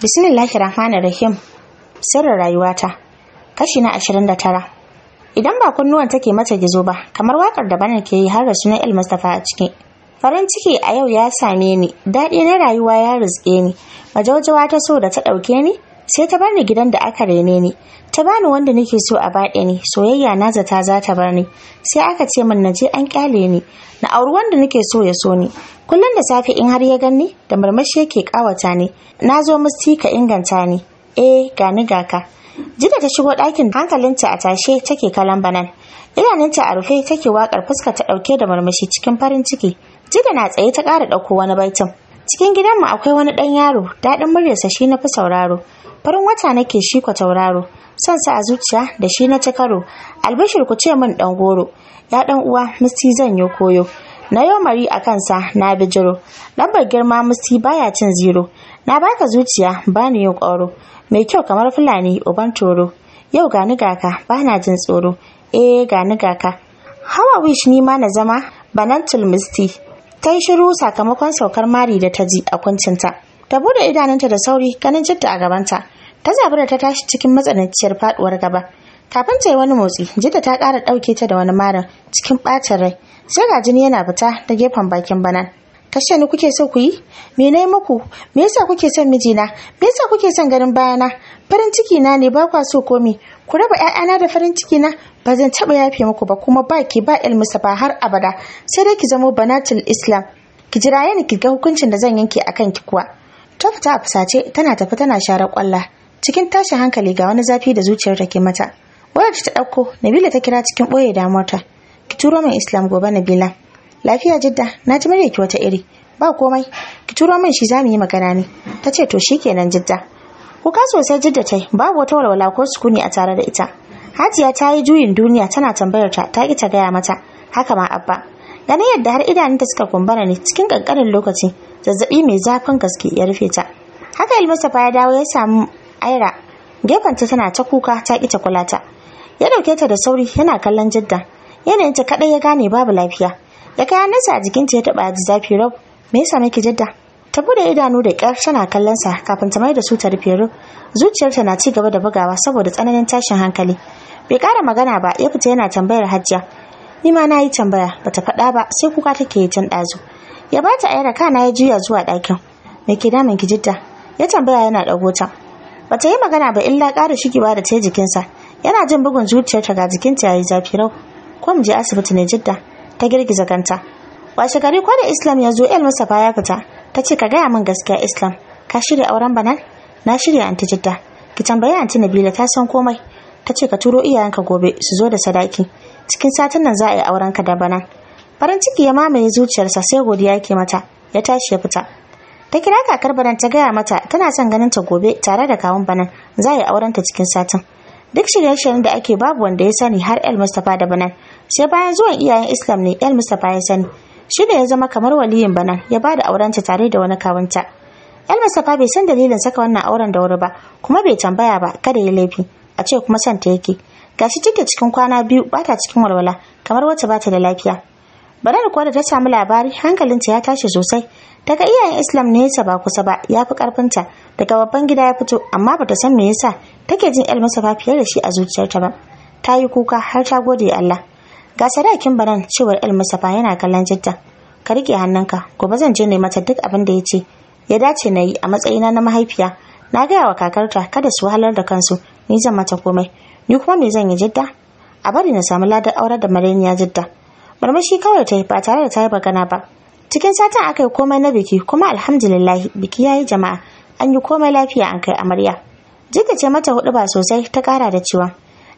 Bismillahi Rahmanir Rahim. Sirrin rayuwata. Kashi na 29. Idan ba kunnuwan take mata gizo ba, kamar wakar da bana ke yi har da sunan El Mustafa a ciki. Farin ciki a yau ya same ni, daɗi na rayuwa ya rizke ni, majaujawa ta so da ta ɗauke ni, sai ta ni gidan da aka rene ni ta bani wanda nake so a bade ni soyayya na zata za ta bar ni sai aka ce min na je an kyale ni na auri wanda nake so ya so ni kullum da safe in har ya ganni da murmushi yake kawata ni na zo musti ka inganta ni eh ga ga ka. jida ta shigo ɗakin hankalinta a tashe take kalan banan idanunta a rufe take waƙar fuska ta ɗauke da murmushi cikin farin ciki jida na tsaye ta ƙara ɗauko wani baitin cikin gidanmu akwai wani ɗan yaro daɗin muryarsa shi na fi sauraro farin wata nake shi ka tauraro son sa a zuciya da shi na ci karo albishir ku ce min ɗan goro ya ɗan uwa musti zan yi koyo na yau mari a kansa na bijiro lambar girma musti baya cin ziro na baka zuciya ba ni yin ƙoro mai kyau kamar fulani uban toro yau ga gani gaka ba na jin tsoro eh ga gani gaka hawa wish ni ma na zama banantul musti ta yi shiru sakamakon saukar mari da ta ji a kuncinta ta bude idanunta da sauri ganin jidda a gabanta ta zabi da ta tashi cikin matsananciyar faduwar gaba kafin ta yi wani motsi jidda ta ƙara ɗauke ta da wani marin cikin ɓacin rai sai ga jini yana fita da gefen bakin banan kashe ni kuke so ku yi me nayi muku me yasa kuke son mijina me yasa kuke son garin bayana farin ciki na ne ba kwa so komi ku raba ƴaƴana da farin ciki na ba zan taɓa yafe muku ba kuma ba ki ba ilmusa ba har abada sai dai ki zamo banatul islam ki jira yana ki ga hukuncin da zan yanke akan ki kuwa ta fita a fusace tana tafi tana share kwalla cikin tashin hankali ga wani zafi da zuciyar ke mata wayar ta dauko nabila ta kira cikin boye damuwarta ki turo min islam gobe nabila lafiya jidda na ji murya wata iri ba komai ki turo min shi zamu yi magana ne ta ce to shikenan jidda kuka sosai jidda tai babu wata walwala ko sukuni a tare da ita hajiya ta yi juyin duniya tana tambayar ta ta ki gaya mata haka ma abba ganin yadda har idanunta suka kumbura ne cikin kankanin lokaci zazzabi mai zafin gaske ya rufe ta haka ilmasafa ya dawo ya samu aira gefenta tana ta kuka ta ki ta kula ta ya dauke ta da sauri yana kallon jidda yanayinta kadai ya gane babu lafiya ya kai hannunsa a jikinta ya taɓa ji zafi rab me yasa nake jadda ta bude idanu da kyar tana kallon sa kafin ta mai da su ta rufe zuciyarta na ci gaba da bugawa saboda tsananin tashin hankali bai kara magana ba ya fita yana tambayar hajjia ni ma na yi tambaya bata faɗa ba sai kuka take yi can ɗazu ya bata a yara kana ya juya zuwa ɗakin me ke damun ki jidda ya tambaya yana ɗago ta bata yi magana ba illa ƙara shigewa da ta jikinsa yana jin bugun zuciyarta ga jikinta ya yi zafi rau ko mu je asibiti ne jidda ta girgiza kanta washe gari ko da islam ya zo el masa ya fita ta ce ka gaya min gaskiya islam ka shirya auren banan na shirya anti jidda ki tambayi anti nabila ta san komai ta ce ka turo iyayenka gobe su zo da sadaki cikin satin nan za a yi auren ka da banan farin ciki ya mamaye zuciyarsa sai godiya yake mata ya tashi ya fita ta kira kakar banan ta gaya mata tana son ganin ta gobe tare da kawun banan za a yi aurenta cikin satin duk shirye-shiryen da ake babu wanda ya sani har el mustapha da banan sai bayan zuwan iyayen islam ne 'Yan mustapha ya sani shi ne ya zama kamar waliyin bana ya ba da aurenta tare da wani kawunta 'Yan mustapha bai san dalilin saka wannan auren da wuri ba kuma bai tambaya ba kada ya laifi a ce kuma santa yake gashi take cikin kwana biyu bata cikin walwala kamar wacce bata da lafiya Barar kuwa da ta samu labari hankalinta ya tashi sosai daga iyayen Islam ne yasa ba kusa ba ya fi karfinta daga babban gida ya fito amma ba ta san me yasa take jin 'yan masa fiye da shi a zuciyarta ba ta yi kuka har ta gode Allah ga sadakin baran cewar el musafa yana kallon jidda ka rike hannunka gobe zan je ne mata duk abin da ya ce ya dace na yi a matsayina na mahaifiya na gaya wa kakarta kada su wahalar da kansu ni zan mata komai ni kuma me zan yi jidda a bari na samu ladar aurar da mareniya jidda marmashi kawai ta yi ba tare da ta yi bagana ba cikin satin aka yi komai na biki kuma alhamdulillahi biki ya yi jama'a an yi komai lafiya an kai amarya jidda ce mata hudu ba sosai ta kara da cewa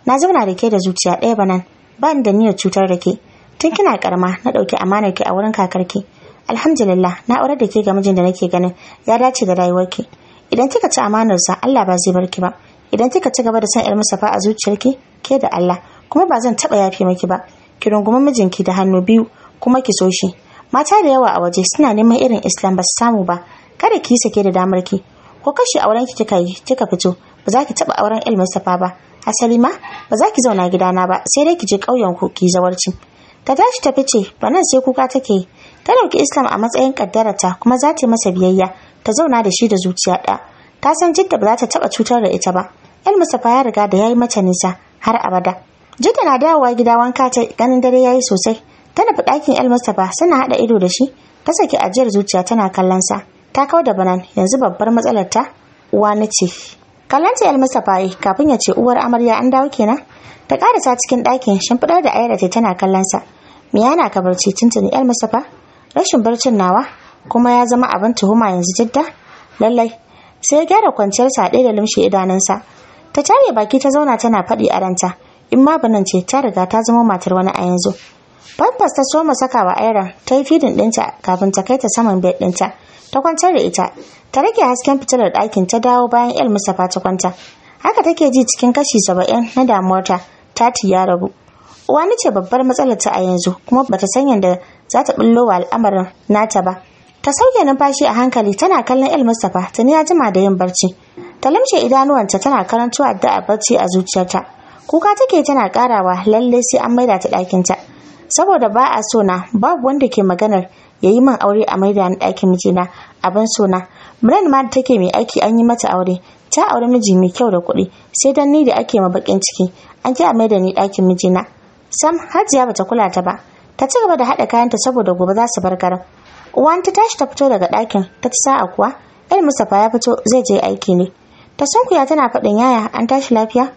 na zauna da ke da zuciya ɗaya banan ba da niyyar cutar da ke tun kina karama na ɗauki amanar ki a wurin kakarki alhamdulillah na aurar da ke ga mijin da nake ganin ya dace da rayuwarki idan kika ci amanar sa, Allah ba zai bar ki ba idan kika ci gaba da san yar safa a zuciyarki ke da Allah kuma ba zan taba yafe miki ba ki rungumi mijinki da hannu biyu kuma ki so shi mata da yawa a waje suna neman irin islam ba su samu ba kada ki sake da damar ki ko kashe auren ki kika yi kika fito ba za ki taba auren ilmi mustafa ba asali ma ba za ki zauna gidana ba sai dai ki je ƙauyen ku ki zawarci ta tashi ta fice ba nan sai kuka take ta ɗauki islam a matsayin kaddarata kuma za ta masa biyayya ta zauna da shi da zuciya ɗaya ta san jidda ba za ta taɓa cutar da ita ba yan mustapha ya riga da ya yi mata nisa har abada jidda na dawowa gida wanka ta ganin dare ya yi sosai ta nufi ɗakin yan mustapha suna haɗa ido da shi ta saki ajiyar zuciya tana kallon sa ta kau da banan yanzu babbar matsalar ta uwa na ce kallon ta masa faye kafin ya ce uwar amarya an dawo kenan ta ta cikin ɗakin shimfiɗar da ayyar ta tana kallon sa yana ka barci tuntuni yar masafa rashin barcin nawa kuma ya zama abin tuhuma yanzu jidda lallai sai ya gyara kwanciyar sa da lumshe idanunsa ta tare baki ta zauna tana faɗi a ranta in ma banan ce ta riga ta zama matar wani a yanzu Pampers ta soma saka wa Aira ta yi fidin ɗinta kafin ta kai ta saman bed ɗinta. Ta kwantar da ita, ta rage hasken fitilar ɗakin ta dawo bayan El Mustapha ta kwanta. Haka take ji cikin kashi saba'in na damuwarta, tati ya rabu. Uwa ce babbar matsalar ta a yanzu kuma bata san yadda za ta ɓullo wa al'amarin nata ba. Ta sauke numfashi a hankali tana kallon El Mustapha tuni ya jima da yin barci. Ta lamshe idanuwanta tana karanto addu'a barci a zuciyarta. Kuka take tana karawa lalle sai an maida ta ɗakinta. saboda ba a so na, babu wanda ke maganar ya yi min aure a maida ni ɗakin mijina abin sona Muran ma da take mai aiki an yi mata aure ta aure miji mai kyau da kuɗi sai dan ni da ake ma bakin ciki an ji a maida ni ɗakin mijina sam hajiya bata kula ta ba ta ci gaba da haɗa kayanta saboda gobe za su bar garin uwan ta tashi ta fito daga ɗakin ta ci sa'a kuwa el mustapha ya fito zai je aiki ne ta sunkuya tana faɗin yaya an tashi lafiya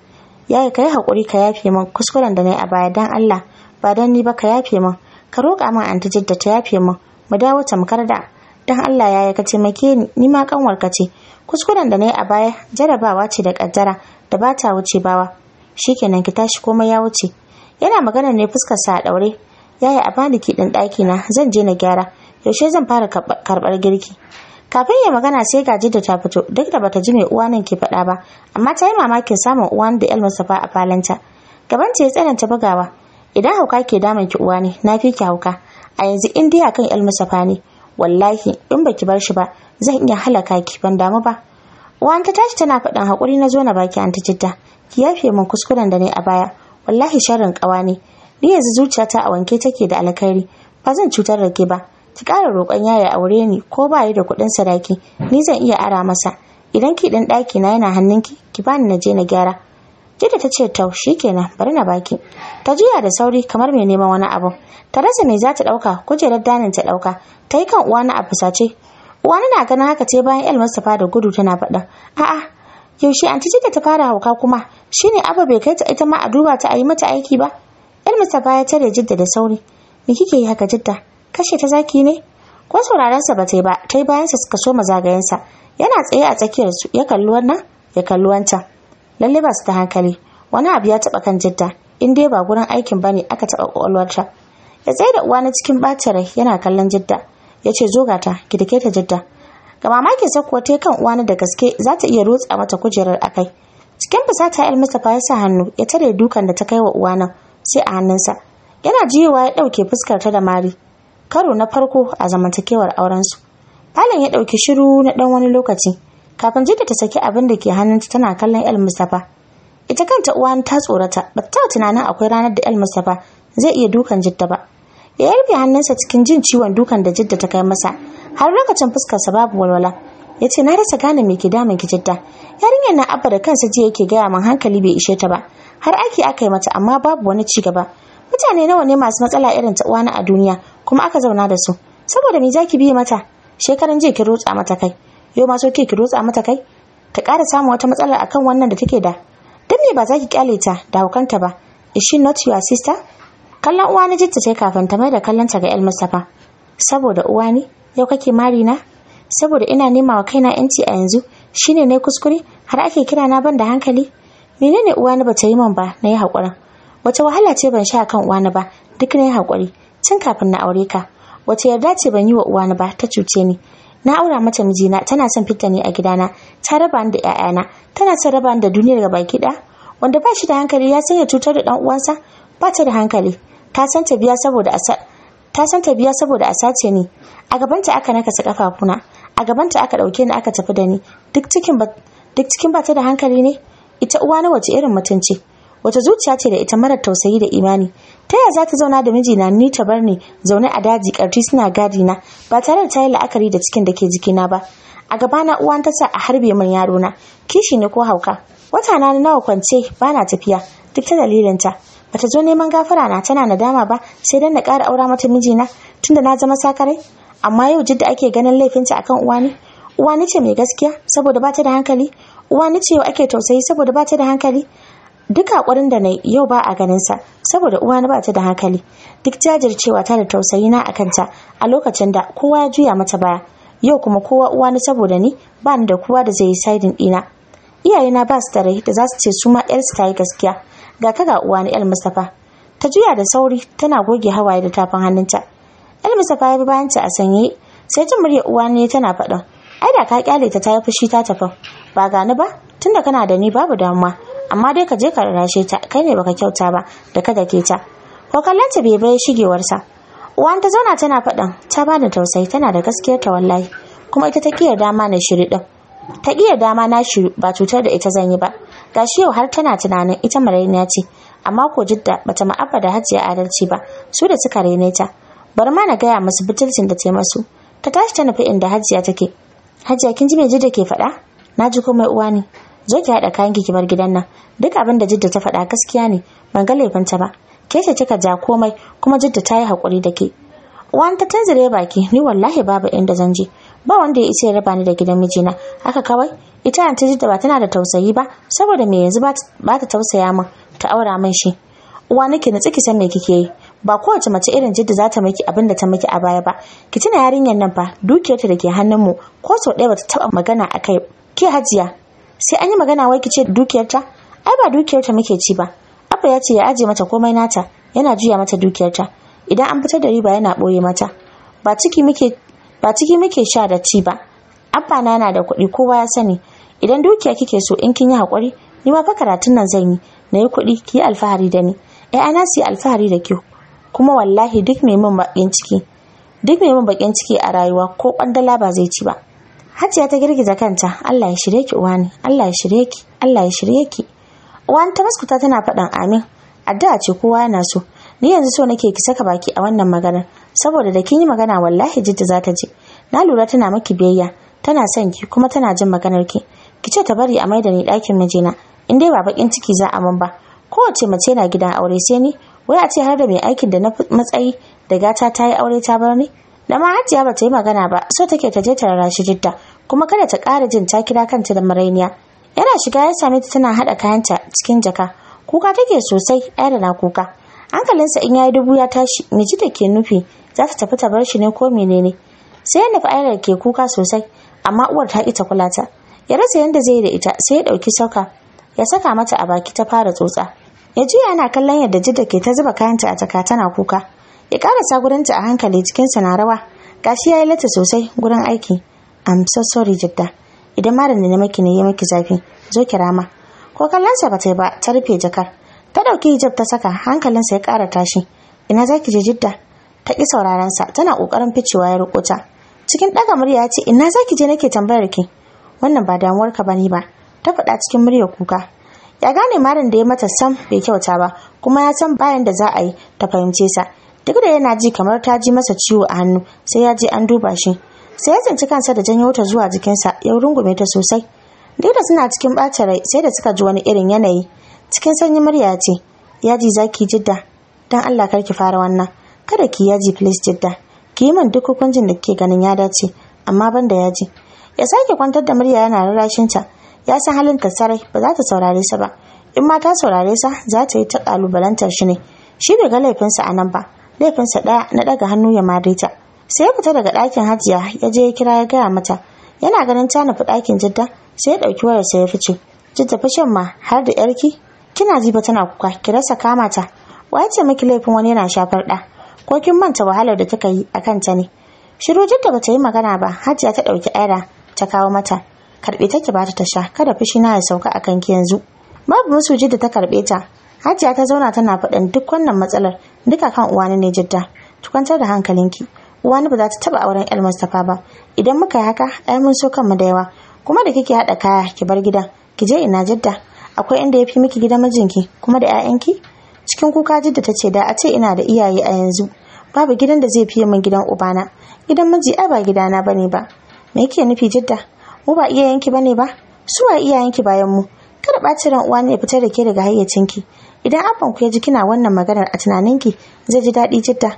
yaya ka yi haƙuri ka yafe min kuskuren da na yi a baya don allah ba dan ni ba ka yafe min ka roƙa min anti jidda ta yafe min mu dawo tamkar da dan Allah yaya ka taimake ni ni ma kanwar ka ce kuskuren da nayi a baya jarabawa ce da kaddara da ba ta wuce bawa shikenan ki tashi komai ya wuce yana magana ne fuskar sa a daure yaya a bani ki din daki na zan je na gyara yaushe zan fara karbar girki kafin ya magana sai ga jidda ta fito duk da bata ji mai uwa nan ke faɗa ba amma ta yi mamakin samun uwan da el ba a falanta gaban ta ya tsananta bugawa idan hauka ke damun ki uwa ne na fi ki hauka a yanzu in dai akan el musafa ne wallahi in baki bar shi ba zan iya halaka ki ban damu ba uwan ta tashi tana faɗin hakuri na zo na baki an ta ki yafe min kuskuren da ne a baya wallahi sharrin ƙawa ne ni yanzu zuciyata a wanke take da alkhairi ba zan cutar da ke ba ki ƙara roƙon yaya aure ni ko ba da kuɗin sadaki ni zan iya ara masa idan ki ɗin ɗaki na yana hannunki ki bani na je na gyara jida ta ce tau kenan bari na baki. Ta juya da sauri kamar mai neman wani abu. Ta rasa mai za ta ɗauka kujerar danin ta ɗauka. Ta yi kan na a fusace. uwa na ganin haka ce bayan El Mustapha da gudu tana faɗa. A'a yaushe anti Jidda ta fara hauka kuma shine Abba bai kai ta ita ma a duba ta a yi mata aiki ba. El Mustapha ya tare Jidda da sauri. Me kike yi haka Jidda? Kashe ta zaki ne? Ko saurarensa ba ta yi ba, ta bayan sa suka so sa Yana tsaye a tsakiyar su ya kalli wannan ya kalli wancan. lalle ba su da hankali wani abu ya taba kan jidda in dai ba gurin aikin ne, aka taba kwakwalwarta ya tsaye da uwa na cikin bacin rai yana kallon jidda ya ce zo gata ki dake ta jidda ga mamakin sa kuwa kan uwa na da gaske za ta iya rotsa mata kujerar a kai. cikin fusata el mustapha ya sa hannu ya tare dukan da ta kai wa uwa nan sai a hannunsa yana jiyowa ya ɗauke fuskar ta da mari karo na farko a zamantakewar aurensu falon ya ɗauki shiru na ɗan wani lokaci kafin jidda ta saki abin da ke hannunta tana kallon el mustapha ita kanta uwa ta tsorata ba ta tunanin akwai ranar da el mustapha zai iya dukan jidda ba ya yarbe hannunsa cikin jin ciwon dukan da jidda ta kai masa har lokacin fuskarsa babu walwala ya ce na rasa gane me ke damun ki jidda yarinyar na abba da kansa ji yake gaya min hankali bai ishe ta ba har aiki aka yi mata amma babu wani ci gaba mutane nawa ne masu matsala irin ta uwana a duniya kuma aka zauna da su saboda me zaki biye mata shekaran jiya ki rotsa mata kai yau ma so ki rutsa mata kai ta ƙara samun wata matsala akan wannan da take da dan me ba za ki kyale ta da hukanta ba is she not your sister kallon uwa na jitta sai kafin ta mai da kallon ta ga el mustafa saboda uwa ne yau kake mari na saboda ina nema wa kaina yanci a yanzu shine ne kuskure har ake kira na ban da hankali menene uwa na bata yi man ba na yi haƙurin wace wahala ce ban sha kan uwa na ba duk na yi haƙuri tun kafin na aure ka wace yarda ce ban yi wa uwa na ba ta cuce ni na aura mata mijina tana son fita ne a gidana ta raba ni da 'ya'yana tana son raba ni da duniyar baki ɗaya. wanda ba shi da hankali ya sanya cutar da dan uwansa ba ta da hankali ta san ta biya saboda ta san ta biya saboda a sace ni a gabanta aka nakasa kafafuna a gabanta aka dauke ni aka tafi da ni duk cikin ba duk cikin ba ta da hankali ne ita uwa na wace irin mutunci wata zuciya ce da ita marar tausayi da imani ta yaya za ta zauna da mijina ni ta bar ni zaune a daji karti suna gadi na ba tare da ta yi la'akari da cikin da ke jikina ba a gabana uwan ta sa a harbe min yaro na kishi ne ko hauka wata na nawa kwance ba na tafiya duk ta dalilin ta bata zo neman gafara na tana nadama ba sai dan na ƙara aura mata mijina tunda na zama sakarai amma yau jidda ake ganin laifinta akan uwa ne uwa ce mai gaskiya saboda ba ta da hankali uwa ce ake tausayi saboda ba ta da hankali duk hakurin da na yau ba a ganin sa saboda uwani ba ta da hankali duk jajircewa ta da tausayi na akan ta a lokacin da kowa ya juya mata baya yau kuma kowa uwani saboda ni ba ni da kowa da zai yi saidin ɗina iyayena ba su da rai da za su ce su ma su ta yi gaskiya ga ka ga uwani 'yar mustapha ta juya da sauri tana goge hawaye da tafin hannunta 'Yar mustapha ya bi bayanta a sanye sai jin murya uwani tana faɗin ai da ka kyale ta ta yi fushi ta tafi ba gani ba tunda kana da ni babu damuwa amma dai ka je ka rarashe ta kai ne baka kyauta ba da kada ke ta ko kallon ta bai shigewar sa. uwan ta zauna tana faɗan ta ba bani tausayi tana da gaskiyar ta wallahi kuma ita ta kiyar dama na shiri ɗin. ta ƙiyar dama na shiri ba cutar da ita zan yi ba gashi yau har tana tunanin ita maraina ce amma ko jidda bata ma'afa da hajiya adalci ba su da suka rene ta bari ma na gaya musu butulcin da ta masu ta tashi ta nufi inda hajiya take hajiya kin ji me jidda ke faɗa na ji komai uwa ne je ki haɗa kayan ki bar gidan nan duk abin da jidda ta faɗa gaskiya ne ban ga laifinta ba ke ce kika ja komai kuma jidda ta yi haƙuri da ke uwan ta tanzire baki ni wallahi babu inda zan je ba wanda ya isa ya raba ni da gidan mijina haka kawai ita ta jidda ba tana da tausayi ba saboda me yanzu ba ta tausaya min ta aura min shi uwa nake na tsiki san me kike yi ba kowace mace irin jidda za ta miki abin da ta miki a baya ba ki tuna yarinyar nan fa dukiyarta da ke mu ko sau ɗaya ba ta taɓa magana a kai ke hajiya sai an yi magana wai kice dukiyarta ai ba dukiyarta muke ci ba abba ya ce ya aje mata komai nata yana juya mata dukiyarta idan an fitar da riba yana boye mata ba ciki muke ba ciki muke sha da ci ba abba na yana da kuɗi kowa ya sani idan dukiya kike so in kin yi hakuri ni ma fa karatun nan zan yi na yi kuɗi ki yi alfahari da ni ai ana su alfahari da kyau. kuma wallahi duk mai min bakin ciki duk mai min bakin ciki a rayuwa ko kwandala ba zai ci ba Hajiya ta girgiza kanta, Allah ya shirye ki uwani, Allah ya shirye ki, Allah ya shirye ki. Uwani ta maskuta tana faɗan amin. Addu'a ce kowa yana so. Ni yanzu so nake ki saka baki a wannan maganar, saboda da kin yi magana wallahi jidda za ta je. Na lura tana maki biyayya, tana son ki kuma tana jin maganar ki. Ki ce ta bari a maida ni ɗakin mijina, in dai ba bakin ciki za a man ba. Kowace mace na gidan aure sai ni, wai a ce har da mai aikin da na matsayi da gata ta yi aure ta bar ni da ma hajiya ba ta yi magana ba so take ta je ta rara shi jidda kuma kada ta kara jin ta kira kanta da marainiya yana shiga ya same ta tana haɗa kayanta cikin jaka kuka take sosai ai da na kuka hankalinsa in yayi dubu ya tashi me ji ke nufi za ta tafi ta bar shi ne ko menene sai ya nufi ayar ke kuka sosai amma uwar ta ita kula ta ya rasa yanda zai yi da ita sai ya ɗauki sauka ya saka mata a baki ta fara tsotsa ya juya yana kallon yadda jidda ke ta zuba kayanta a jaka tana kuka ya karasa gurinta a hankali cikinsa na rawa gashi ya yi lata sosai gurin aiki i'm so sorry jidda idan marin da na maki ne ya maki zafi zo ki rama ko kallonsa ba ta yi ba ta rufe jakar ta ɗauki hijab ta saka hankalinsa ya ƙara tashi ina za ki je jidda ta ƙi saurarensa tana ƙoƙarin ficewa ya riƙo cikin ɗaga murya ya ce ina za ki je nake tambayar ki wannan ba damuwar ba ni ba ta faɗa cikin muryar kuka ya gane marin da ya mata sam bai kyauta ba kuma ya san bayan da za a yi ta fahimce sa duk da yana ji kamar ta ji masa ciwo a hannu sai ya je an duba shi sai ya tsinci kansa da janyo ta zuwa jikinsa ya rungume ta sosai duk da suna cikin ɓacin rai sai da suka ji wani irin yanayi cikin sanyi murya ce yaji zaki jidda dan allah kar ki fara wannan kada ki yaji please jidda ki yi min duk hukuncin da kike ganin ya dace amma ban da yaji ya sake kwantar da murya yana rarrashin ta ya san halin ta sarai ba za ta saurare sa ba in ma ta saurare sa za ta yi ta kalubalantar shi ne shi bai ga laifinsa a nan ba laifinsa ɗaya na ɗaga hannu ya mare ta sai ya fita daga ɗakin hajiya ya je ya kira ya gaya mata yana ganin ta nufi ɗakin jidda sai ya ɗauki wayar sai ya fice jidda fashin ma har da yarki kina ji ba tana kuka ki rasa kama ta waye ce miki laifin wani yana shafar ɗa ko kin manta wahalar da kika yi a kanta ne shiru jidda bata yi magana ba hajiya ta ɗauki aira ta kawo mata karɓe take ba ta sha kada fushi na ya sauka akan ki yanzu babu musu jidda ta karɓe ta hajiya ta zauna tana faɗin duk wannan matsalar duka kan uwani ne jidda ki kwantar da hankalinki uwani ba za ta taba auren el mustapha ba idan muka yi haka ai mun so kanmu da yawa kuma da kike hada kaya ki bar gida. ki je ina jidda akwai inda ya fi miki gidan mijinki kuma da 'ya'yanki cikin kuka jidda ta ce da a ce ina da iyaye a yanzu babu gidan da zai fi min gidan ubana gidan miji ai ba gidana bane ba me yake nufi jidda mu ba iyayenki bane ba su wa iyayenki bayan mu ɓacin ran uwa ne ya fitar da ke daga hayyacinki idan abban ku ya ji kina wannan maganar a tunaninki zai ji daɗi jidda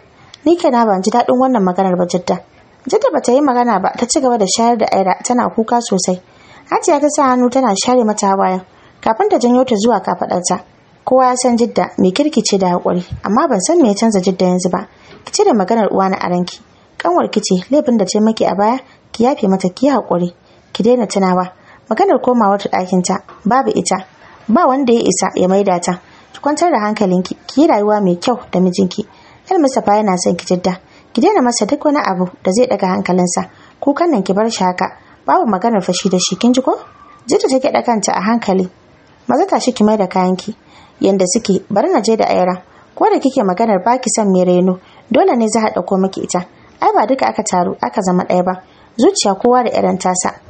ni na ban ji daɗin wannan maganar ba jidda jidda ta yi magana ba ta ci gaba da shayar da aira tana kuka sosai hajiya ta sa hannu tana share mata bayan kafin ta janyo ta zuwa kafaɗarta kowa ya san jidda mai kirki ce da haƙuri amma ban san me ya canza jidda yanzu ba ki ce da maganar uwa na aranki kanwar ki ce laifin da ce maki a baya ki yafe mata ki haƙuri ki daina tunawa maganar komawar ta ɗakin ta babu ita ba wanda ya isa ya maida ta ki kwantar da hankalinki ki yi rayuwa mai kyau da mijinki yar Mustapha yana son ki jidda ki daina masa duk wani abu da zai daga hankalinsa kukan nan ki bar shi haka babu maganar fashi da shi kin ji ko jidda take da kanta a hankali maza ta shi ki mai da kayanki yanda suke bari na je da ayara. ko da kike maganar ba ki son mai reno dole ne za a ko miki ita ai ba duka aka taru aka zama ɗaya ba zuciya kowa da irin tasa